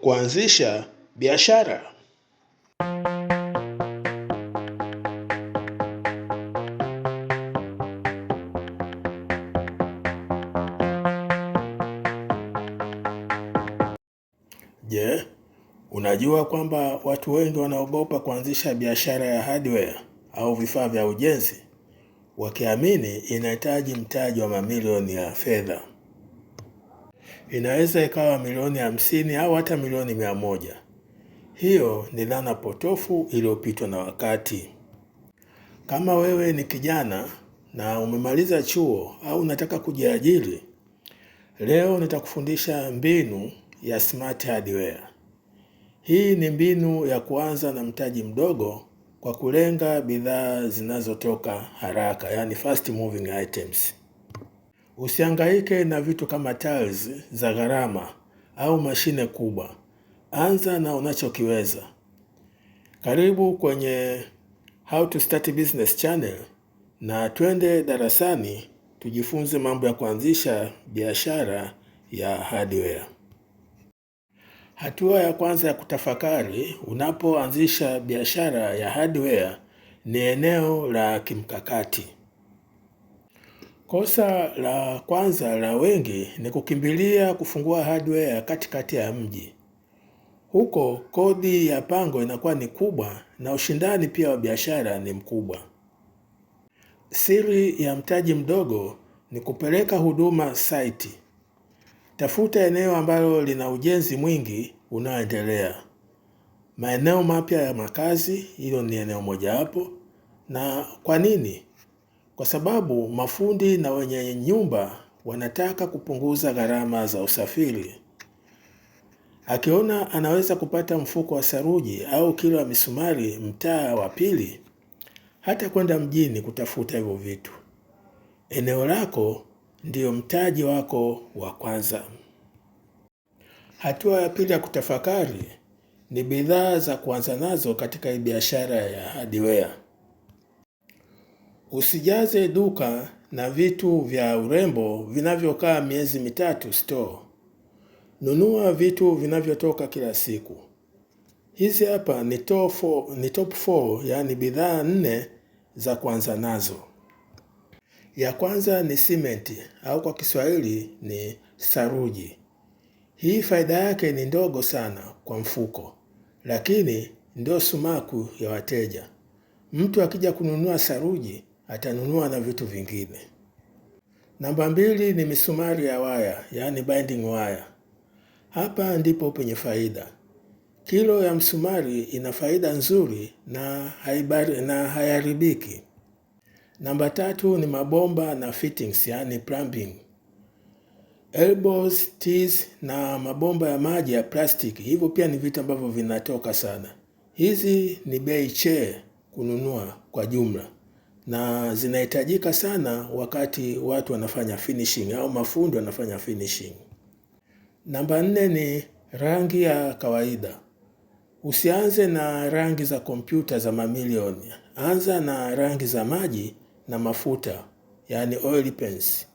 Kuanzisha biashara. Je, unajua kwamba watu wengi wanaogopa kuanzisha biashara ya hardware au vifaa vya ujenzi wakiamini inahitaji mtaji wa mamilioni ya fedha inaweza ikawa milioni hamsini au hata milioni mia moja. Hiyo ni dhana potofu iliyopitwa na wakati. Kama wewe ni kijana na umemaliza chuo au unataka kujiajiri, leo nitakufundisha mbinu ya smart hardware. Hii ni mbinu ya kuanza na mtaji mdogo kwa kulenga bidhaa zinazotoka haraka, yani fast moving items. Usihangaike na vitu kama tiles za gharama au mashine kubwa. Anza na unachokiweza. Karibu kwenye How to Start Business channel na twende darasani tujifunze mambo ya kuanzisha biashara ya hardware. Hatua ya kwanza ya kutafakari unapoanzisha biashara ya hardware ni eneo la kimkakati. Kosa la kwanza la wengi ni kukimbilia kufungua hardware ya katikati ya mji. Huko kodi ya pango inakuwa ni kubwa na ushindani pia wa biashara ni mkubwa. Siri ya mtaji mdogo ni kupeleka huduma site. Tafuta eneo ambalo lina ujenzi mwingi unaoendelea, maeneo mapya ya makazi, hilo ni eneo mojawapo. Na kwa nini? kwa sababu mafundi na wenye nyumba wanataka kupunguza gharama za usafiri. Akiona anaweza kupata mfuko wa saruji au kilo ya misumari mtaa wa pili, hata kwenda mjini kutafuta hivyo vitu. Eneo lako ndiyo mtaji wako wa kwanza. Hatua ya pili ya kutafakari ni bidhaa za kuanza nazo katika biashara ya hadiwea. Usijaze duka na vitu vya urembo vinavyokaa miezi mitatu store. Nunua vitu vinavyotoka kila siku. Hizi hapa ni top 4, ni top 4 yani bidhaa nne za kwanza nazo. Ya kwanza ni simenti au kwa Kiswahili ni saruji. Hii faida yake ni ndogo sana kwa mfuko, lakini ndio sumaku ya wateja. Mtu akija kununua saruji atanunua na vitu vingine. Namba mbili ni misumari ya waya, yani binding wire. Hapa ndipo penye faida. Kilo ya msumari ina faida nzuri na haibari, na haiharibiki. Namba tatu ni mabomba na fittings, yani plumbing. Elbows, tees na mabomba ya maji ya plastiki, hivyo pia ni vitu ambavyo vinatoka sana. Hizi ni bei che kununua kwa jumla na zinahitajika sana wakati watu wanafanya finishing au mafundi wanafanya finishing. Namba nne ni rangi ya kawaida. Usianze na rangi za kompyuta za mamilioni, anza na rangi za maji na mafuta, yani oil paints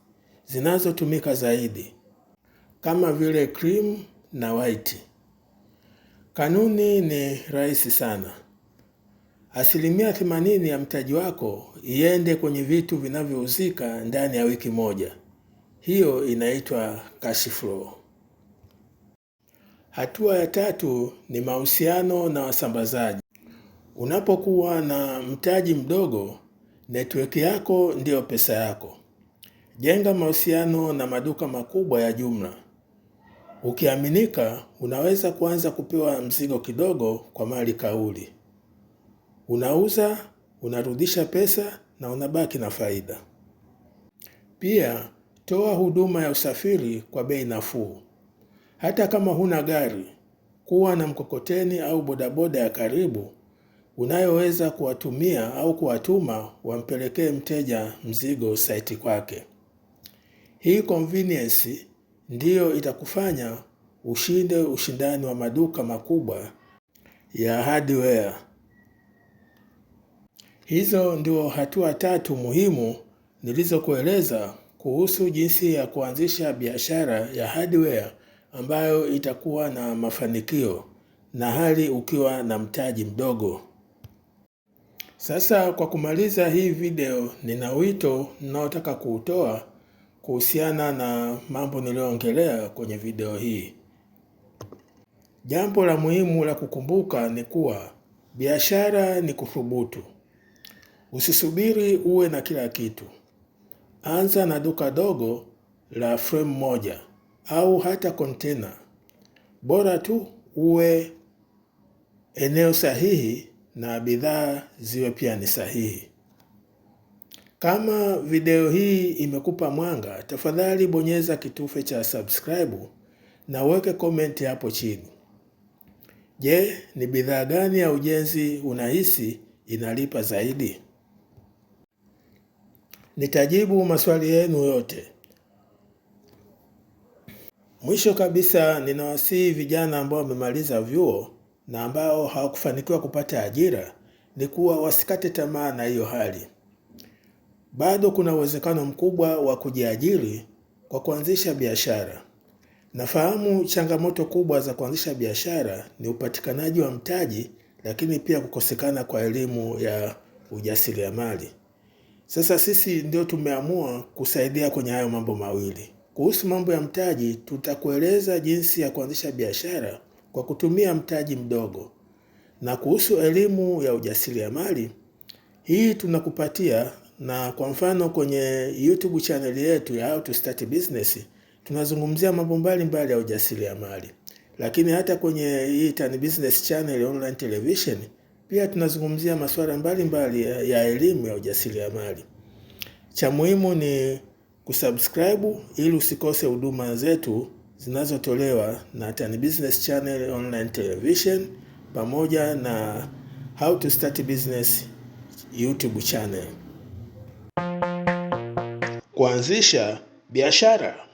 zinazotumika zaidi kama vile cream na white. Kanuni ni rahisi sana. Asilimia themanini ya mtaji wako iende kwenye vitu vinavyohusika ndani ya wiki moja. Hiyo inaitwa cash flow. Hatua ya tatu ni mahusiano na wasambazaji. Unapokuwa na mtaji mdogo, network yako ndiyo pesa yako. Jenga mahusiano na maduka makubwa ya jumla. Ukiaminika, unaweza kuanza kupewa mzigo kidogo kwa mali kauli. Unauza, unarudisha pesa na unabaki na faida. Pia toa huduma ya usafiri kwa bei nafuu. Hata kama huna gari, kuwa na mkokoteni au bodaboda ya karibu unayoweza kuwatumia au kuwatuma wampelekee mteja mzigo saiti kwake. Hii convenience ndiyo itakufanya ushinde ushindani wa maduka makubwa ya hardware Hizo ndio hatua tatu muhimu nilizokueleza kuhusu jinsi ya kuanzisha biashara ya hardware ambayo itakuwa na mafanikio na hali ukiwa na mtaji mdogo. Sasa kwa kumaliza hii video, nina wito ninaotaka kuutoa kuhusiana na mambo niliyoongelea kwenye video hii. Jambo la muhimu la kukumbuka ni kuwa biashara ni kuthubutu. Usisubiri uwe na kila kitu. Anza na duka dogo la fremu moja au hata kontena. Bora tu uwe eneo sahihi na bidhaa ziwe pia ni sahihi. Kama video hii imekupa mwanga, tafadhali bonyeza kitufe cha subscribe na uweke komenti hapo chini. Je, ni bidhaa gani ya ujenzi unahisi inalipa zaidi? nitajibu maswali yenu yote. Mwisho kabisa, ninawasihi vijana ambao wamemaliza vyuo na ambao hawakufanikiwa kupata ajira ni kuwa wasikate tamaa na hiyo hali. Bado kuna uwezekano mkubwa wa kujiajiri kwa kuanzisha biashara. Nafahamu changamoto kubwa za kuanzisha biashara ni upatikanaji wa mtaji, lakini pia kukosekana kwa elimu ya ujasiriamali. Sasa sisi ndio tumeamua kusaidia kwenye hayo mambo mawili. Kuhusu mambo ya mtaji, tutakueleza jinsi ya kuanzisha biashara kwa kutumia mtaji mdogo, na kuhusu elimu ya ujasiriamali, hii tunakupatia na kwa mfano kwenye YouTube channel yetu ya How to Start Business tunazungumzia mambo mbalimbali ya ujasiriamali, lakini hata kwenye hii Tan Business channel online television pia tunazungumzia masuala mbalimbali ya elimu ya ujasiriamali. Cha muhimu ni kusubscribe ili usikose huduma zetu zinazotolewa na Tan Business Channel Online Television pamoja na How to Start Business YouTube channel. Kuanzisha biashara